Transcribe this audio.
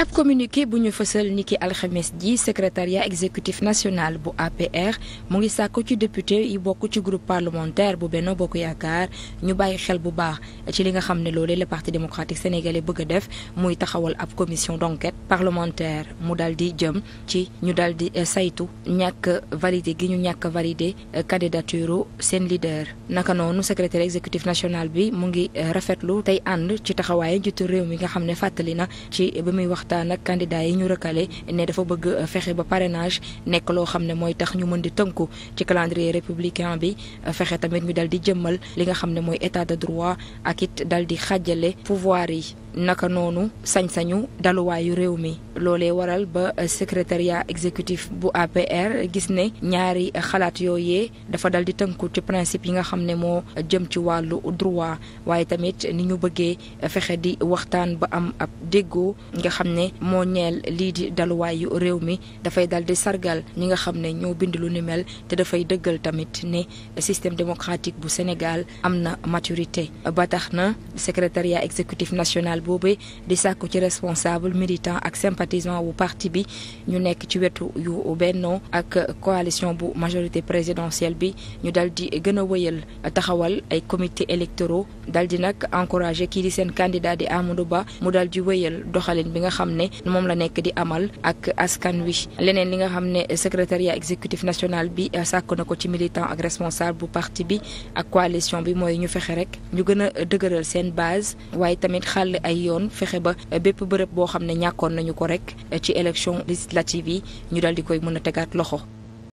ab communiqué bu ñu fësal niki alxames ji secrétariat exécutif national bu APR mu ngi sàkku ci député yi bokk ci groupe parlementaire bu benn Bokk Yaakaar ñu bàyyi xel bu baax ci li nga xam ne loolee le parti démocratique sénégalais bëgg a def muy taxawal ab commission d'enquête parlementaire mu daal di jëm ci ñu daal di eh, saytu ñàkk validé gi ñu ñàkk validé eh, candidature seen leader naka noonu secrétaire exécutif national bi mu ngi eh, rafetlu tey ànd ci taxawaayu njiitu réew mi nga xam ne fàttali na ci bi muy wax waxtaan ak candidat yi ñu recalé ne dafa bëgg euh, fexe ba parrainage nekk loo xam ne mooy tax ñu mën di tënku ci calendrier républicain bi euh, fexe tamit ñu dal di jëmmal li nga xam ne mooy état de droit ak it dal di xàjjale pouvoir yi naka noonu sañ-sañu daluwaayu réew mi loole waral ba eh, secrétariat exécutif bu APR gis ne ñaari xalaat yooyee dafa dal di tënku ci principe yi nga xam ne moo jëm ci wàllu droit waaye tamit ni ñu bëggee fexe di waxtaan ba am ab déggoo nga xam ne moo ñeel lii di daluwaayu réew mi dafay dal di sargal ñi nga xam ne ñoo bind lu ni mel te dafay dëggal tamit ne système démocratique bu Sénégal am na maturité ba tax na secrétariat executif national local boobee di sàkku ci responsable militant ak sympathisant bu parti bi ñu nekk ci wetu yu Benno ak coalition bu majorité présidentielle bi ñu dal di gën a wëyal taxawal ay comité électoraux dal di nag encouragé kii di seen candidat di Amadou Ba mu dal di wëyal doxalin bi nga xam ne moom la nekk di amal ak askan wi leneen li nga xam ne secrétariat exécutif nationale bi sàkk na ko ci militant ak responsable bu parti bi ak coalition bi mooy ñu fexe rek ay yoon fexe ba euh, bépp bërëb boo xam ne ñàkkoon nañu ko rek euh, ci élection législative yi ñu dal di koy mën a tegaat loxo